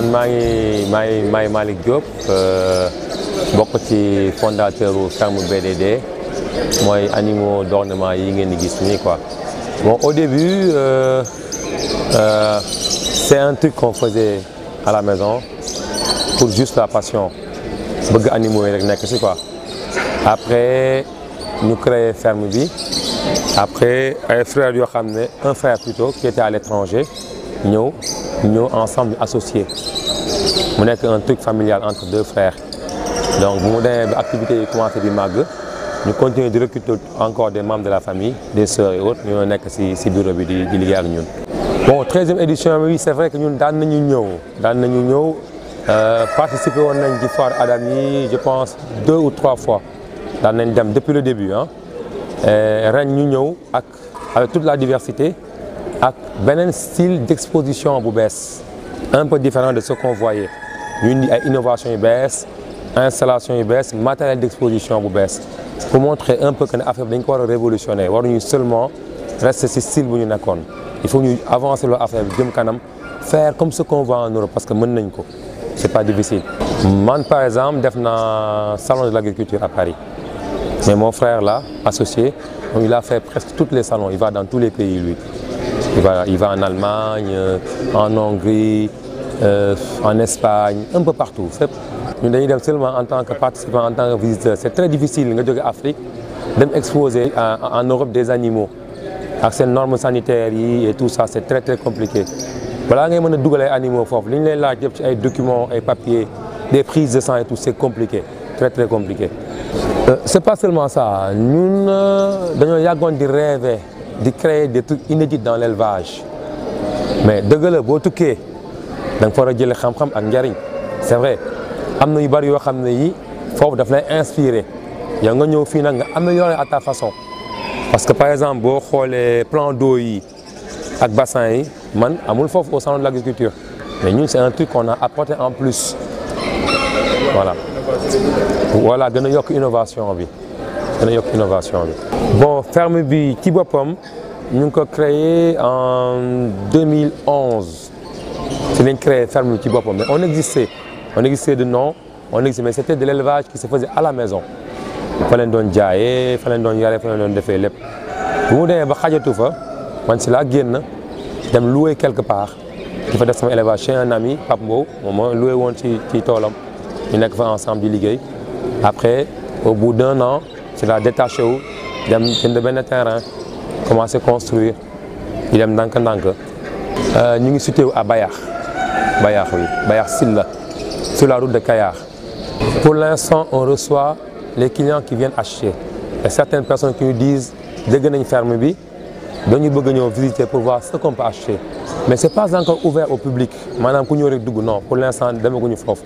man magi ngi maay Malik Diop euh, bokk ci fondateur u ferme BDD moy animaux d'ornement yi ngeen di gis quoi bon au début euh, euh, c'est un truc qu'on faisait à la maison pour juste la passion bëgg animaux rek nek ci quoi après nous créer ferme bi après un frère yo xamné un frère plutôt qui était à l'étranger ñeu nous sommes ensemble associés. Nous sommes un truc familial entre deux frères donc bu mu activité commencé di mag, ñu continuer recruter encore des membres de la famille des sœurs et autres Nous sommes ci ci bureau bi di Bon, 13e édition oui, c'est vrai que nous, sommes dans ñëw daan nous ñëw euh, participer à nañ ci je pense deux ou trois fois depuis le début Nous hein. sommes ñu ñëw avec toute la diversité a un style d'exposition à bu un peu différent de ce qu'on voyait Une innovation yu installation matériel d'exposition à pour montrer un peu que l'Afrique affaire révolutionnaire. révolutionnaire. seulement rester style il faut avancer l'Afrique, faire comme ce qu'on voit en Europe parce que nous, nañ pas difficile par exemple dans le salon de l'agriculture à Paris mais mon frère là associé il a fait presque tous les salons il va dans tous les pays lui il va en Allemagne, euh, en Hongrie, euh, en Espagne, un peu partout. Nous sommes seulement en tant que participant en tant que visiteurs. C'est très difficile en Afrique d'exposer en Europe des animaux. Avec ces normes sanitaires et tout ça, c'est très très compliqué. Voilà, nous a des animaux forts. Nous des documents, des papiers, des prises de sang et tout, c'est compliqué. Très très compliqué. Euh, c'est pas seulement ça. Nous, nous avons des rêves de créer des trucs inédits dans l'élevage mais de la boo tukkee da tu fa war a xam-xam ak c'est vrai Il na yu bari vous xam ne yi foofu daf lay inspirer Tu nga à ta façon parce que par exemple si boo les plans d'eau yi ak bassin yi man amul au salon de l'agriculture mais nous, c'est un truc qu'on a apporté en plus voilà voilà y a une innovation en vie dana yokk innovation bi. bon ferme bi ci boppam ñu ngi ko créé en 2011 C'est lañ créé ferme bi ci boppam mais on existait on existait de nom on existait mais c'était de l'élevage qui se faisait à la maison fa leen doon jaayee fa leen doon yaree fa leen doon defee lépp bu mu demee ba xajatu fa man si laa génn dem loué quelque part di fa def sama élevage chez un ami Pape Mbow moom moo loué woon ci ci toolam ñu nekk fa ensemble di liggéey après au bout d'un an. Il la détaché il a jënd un terrain commencé construire il fait un euh, ñu ngi situé à Bayar, Bayar oui Silla sur la route de Kayar. Pour l'instant, on reçoit les clients qui viennent acheter. Et certaines personnes qui nous disent que nous ferme bi dañu bëgg visiter pour voir ce qu'on peut acheter. Mais c'est pas encore ouvert au public non pour l'instant demaguñu fof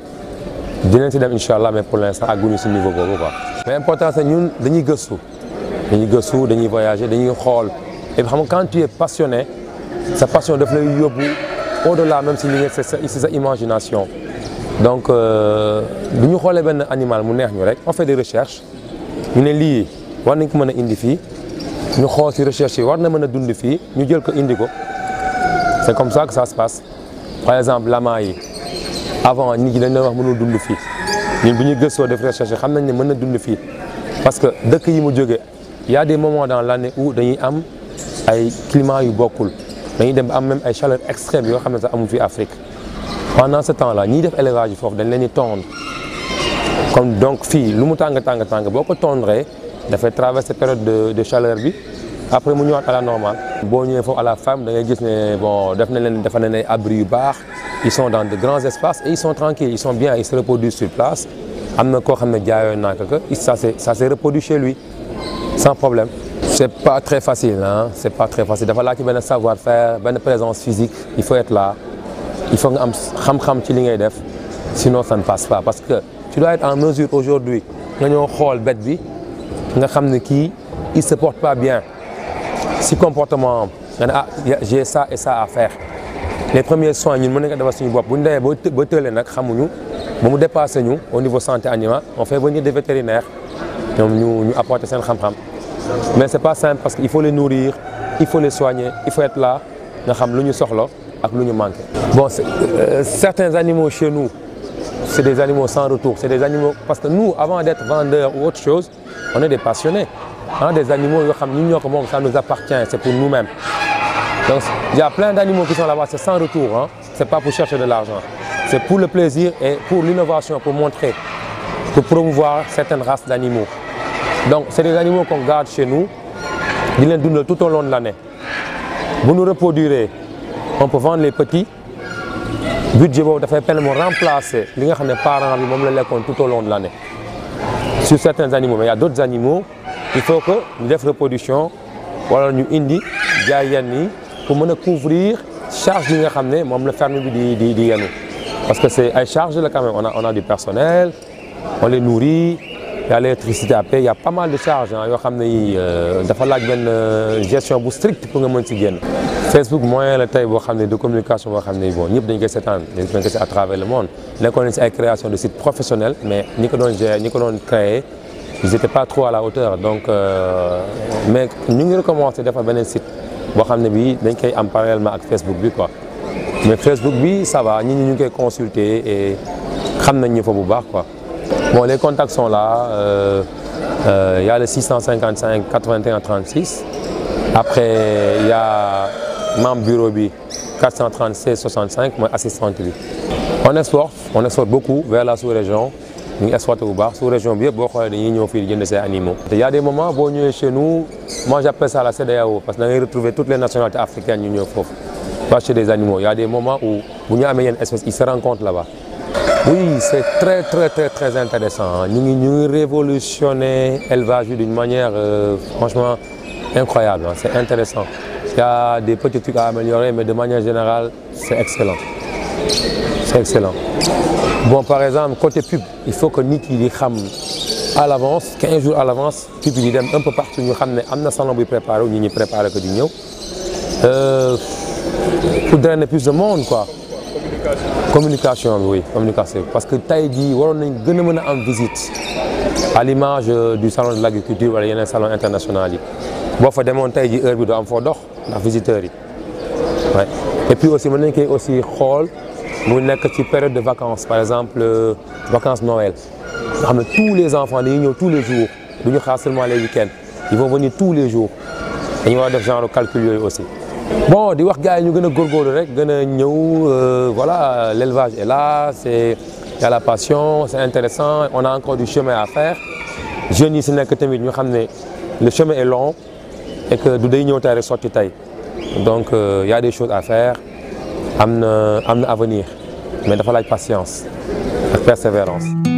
dinañ un dem inshallah temps. mais pour l'instant à a niveau boobu quoi mais l'important c'est ñun dañuy nous voyager et quand tu es passionné sa passion devient au-delà même si c'est sa imagination donc nous nous avons animal on fait des recherches nous lit des war recherche war na c'est comme ça que ça se passe par exemple la maille avant nit ñi dañ doon wax mënul dund fii ñun bu ñuy gëstoo def recherche xam nañ ne mën na parce que dëkk yi mu il y a des moments dans l'année où dañuy am ay climat yu bokkul dañuy dem ba am même ay chaleur extrême yoo xam comme ça, amul fii Afrique pendant ce temps là ni def élevage yi foofu dañ leen di comme donc fii lu mu tang, tang. Beaucoup boo ko tondree dafay traverser période de chaleur bi après mu ñëwaat à la normale boo ñëwee à la femme da ngay gis ne bon def na abri yu ils sont dans de grands espaces et ils sont tranquilles ils sont bien ils se reproduisent sur place am na koo xam ne jaayoon naa que ça s'est ça reproduit chez lui sans problème c'est pas très facile hein c'est pas très facile dafa laaj qui benn savoir-faire benn présence physique il faut être là il faut nga am xam-xam ci li ngay def sinon ça ne passe pas parce que tu dois être en mesure aujourd'hui nga ñëw xool bête bi nga xam ne il se porte pas bien si comportement ah, j'ai ça et ça à faire les premiers soins nous mën nañ ko defal suñu Nous Nous ñu au niveau santé animale on fait venir des vétérinaires qui nous ñu apporter seen mais c'est pas simple parce qu'il faut les nourrir il faut les soigner il faut être là Nous xam ce ñu nous ak bon euh, certains animaux chez nous c'est des animaux sans retour c'est des animaux parce que nous avant d'être vendeurs ou autre chose on est des passionnés des animaux ça nous appartient, c'est pour nous-mêmes. Donc il y a plein d'animaux qui sont là-bas, c'est sans retour, hein. c'est pas pour chercher de l'argent. C'est pour le plaisir et pour l'innovation, pour montrer, pour promouvoir certaines races d'animaux. Donc c'est des animaux qu'on garde chez nous, ils les donnent tout au long de l'année. Vous nous reproduirez, on peut vendre les petits, budget va faire remplacer les parents, les pas tout au long de l'année sur certains animaux mais il y a d'autres animaux il faut que nous def reproduction wala ñu indi jaay yenn pour nous couvrir charge yi nga xam ne moom ferme bi di di di parce que c'est ay charge la quand même on a on a du personnel on les nourrit y a l'électricité à payer y a pas mal de charges hein, yoo xam ne yi euh, dafa laaj benn euh, gestion bu stricte pour nga mën si génn. Facebook moyen la tey de communication boo xam ne bon ñëpp dañ koy seetaan dañ koy gis à travers le monde nekkoon nañ si ay création de sites professionnels mais ñi ko doon gérer ñi ko doon créer ils n'étaient pas trop à la hauteur donc euh, mais nous avons recommencé faire un site Je xam que dañ koy am Facebook bi quoi mais Facebook bi ça va nous avons consulté et nous avons ñu fa bu quoi. bon les contacts sont là il euh, euh, y a le 655 81 36 après il y a membre bureau 436 65 mon assistante on espère on exporte beaucoup vers la sous-région. Il région animaux y a des moments où chez nous moi j'appelle ça la CDAO, parce que a retrouvé retrouver toutes les nationalités africaines chez des animaux Il y a des moments où bu ils se rencontrent là-bas oui c'est très très très très intéressant Nous, hein. avons révolutionné l'élevage d'une manière euh, franchement incroyable hein. c'est intéressant il y a des petits trucs à améliorer mais de manière générale c'est excellent c'est excellent. Bon, par exemple, côté pub, il faut que nous yi à l'avance 15 jours à l'avance pub un peu partout nous xam un am salon préparé wu préparé euh, pour drainer plus de monde quoi. communication oui communication parce que Taïdi, on est en visite à l'image euh, du salon de l'agriculture a un salon international Il faut fa demoon tey jii heure bi et puis aussi, mën nañ aussi xool période de vacances par exemple euh, vacances Noël tous les enfants dañuy viennent tous les jours du ñu seulement les week-ends ils vont venir tous les jours Et nous a def genre calcul aussi. bon di wax gars nous ñu gën a euh, voilà l'élevage est là il y a la passion c'est intéressant on a encore du chemin à faire Je ne pas que tamit ñu xam le chemin est long et que nous day ñëw tey qui donc il euh, y a des choses à faire à venir, mais il faut mais patience la persévérance